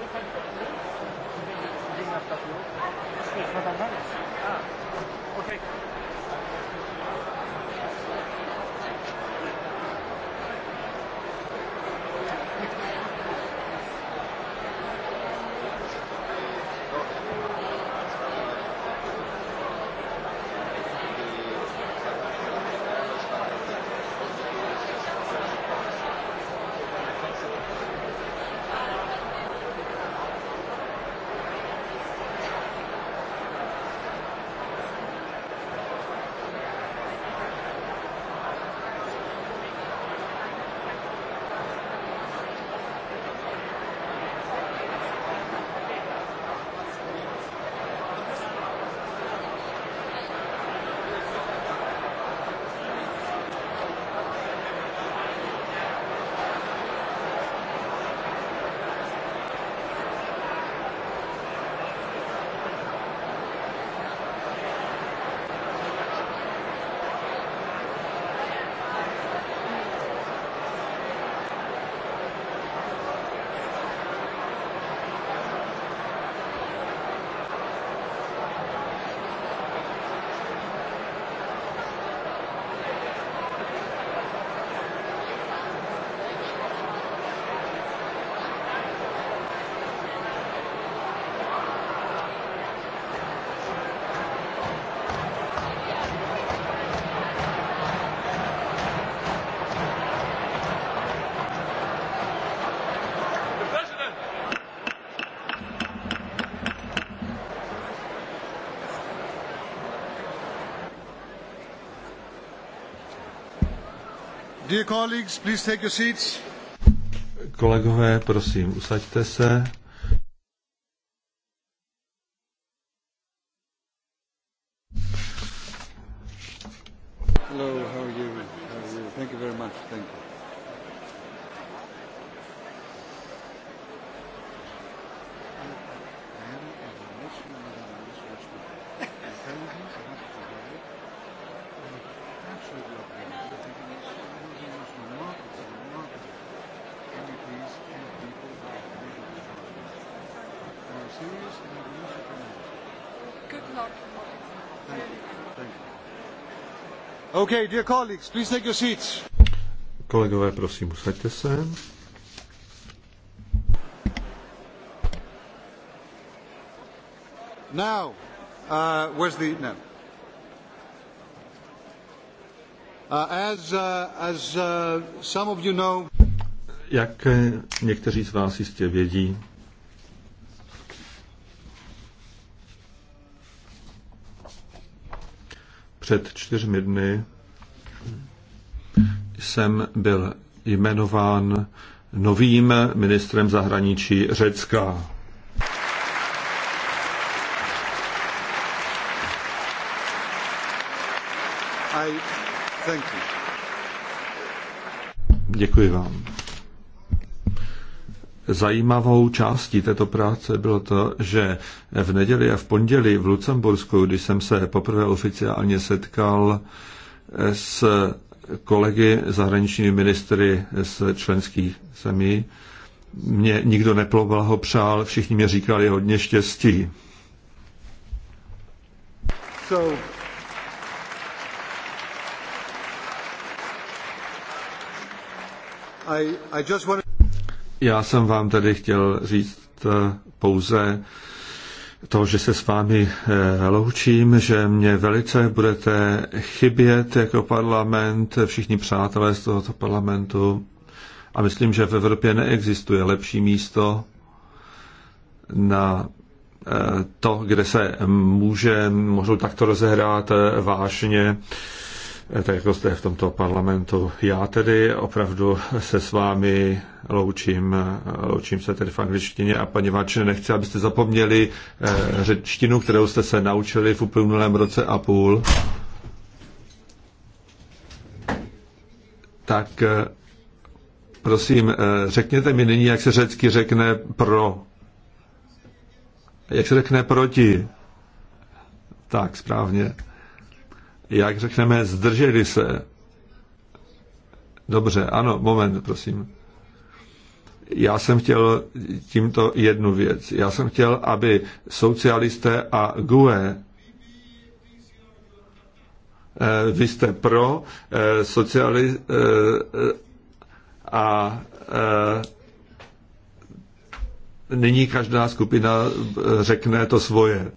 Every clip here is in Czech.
Thank you. Dear colleagues, please take your seats. Kolegové, prosím, usaďte se. Okay, dear colleagues, please take your seats. Kolegové, prosím, usaďte se. Now, uh, where's the no. Uh, as, uh, as uh, some of you know, jak někteří z vás jistě vědí, před čtyřmi dny jsem byl jmenován novým ministrem zahraničí Řecka. I, thank you. Děkuji vám zajímavou částí této práce bylo to, že v neděli a v pondělí v Lucembursku, když jsem se poprvé oficiálně setkal s kolegy zahraničními ministry z členských zemí, mě nikdo ho přál, všichni mě říkali hodně štěstí. So, I, I just wanted... Já jsem vám tedy chtěl říct eh, pouze to, že se s vámi eh, loučím, že mě velice budete chybět jako parlament, všichni přátelé z tohoto parlamentu. A myslím, že v Evropě neexistuje lepší místo na eh, to, kde se může, můžou takto rozehrát vážně tak jako jste v tomto parlamentu. Já tedy opravdu se s vámi loučím, loučím se tedy v angličtině a paní Váčne, nechci, abyste zapomněli eh, řečtinu, kterou jste se naučili v uplynulém roce a půl. Tak eh, prosím, eh, řekněte mi nyní, jak se řecky řekne pro. Jak se řekne proti. Tak, správně jak řekneme, zdrželi se. Dobře, ano, moment, prosím. Já jsem chtěl tímto jednu věc. Já jsem chtěl, aby socialisté a GUE eh, vy jste pro eh, sociali eh, a nyní každá skupina řekne to svoje.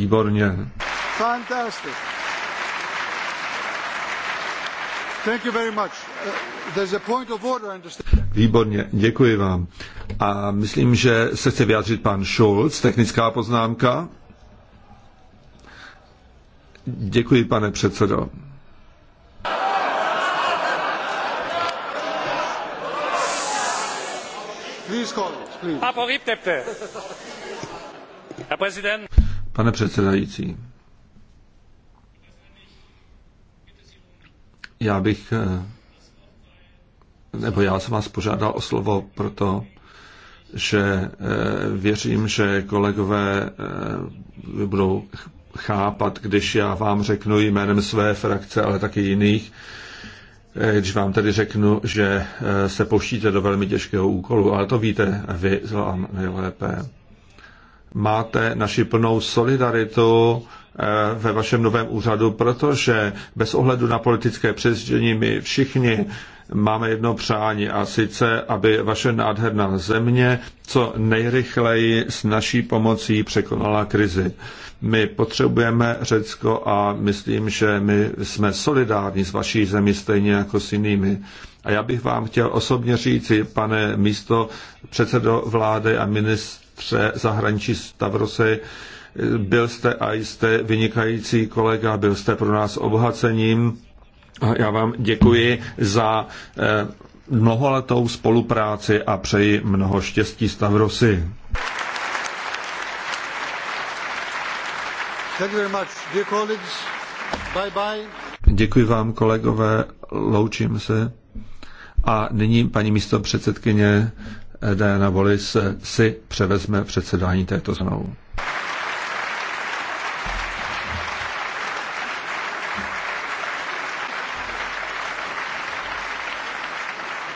výborně. Fantastic. Thank you very much. Uh, there's a point of order, Výborně, děkuji vám. A myslím, že se chce vyjádřit pan Schulz, technická poznámka. Děkuji, pane předsedo. Please call it, please. Pane předsedající, já bych, eh, nebo já jsem vás požádal o slovo proto, že eh, věřím, že kolegové eh, budou chápat, když já vám řeknu jménem své frakce, ale taky jiných, když vám tedy řeknu, že se pouštíte do velmi těžkého úkolu, ale to víte vy sám nejlépe máte naši plnou solidaritu eh, ve vašem novém úřadu, protože bez ohledu na politické přesvědčení my všichni máme jedno přání a sice, aby vaše nádherná země co nejrychleji s naší pomocí překonala krizi. My potřebujeme Řecko a myslím, že my jsme solidární s vaší zemí stejně jako s jinými. A já bych vám chtěl osobně říci, pane místo předsedo vlády a ministr pře zahraničí Stavrosy. Byl jste a jste vynikající kolega, byl jste pro nás obohacením. A já vám děkuji za eh, mnoholetou spolupráci a přeji mnoho štěstí Stavrosy. Děkuji vám, kolegové, loučím se. A nyní paní místo předsedkyně Diana Wallis si převezme předsedání této znovu.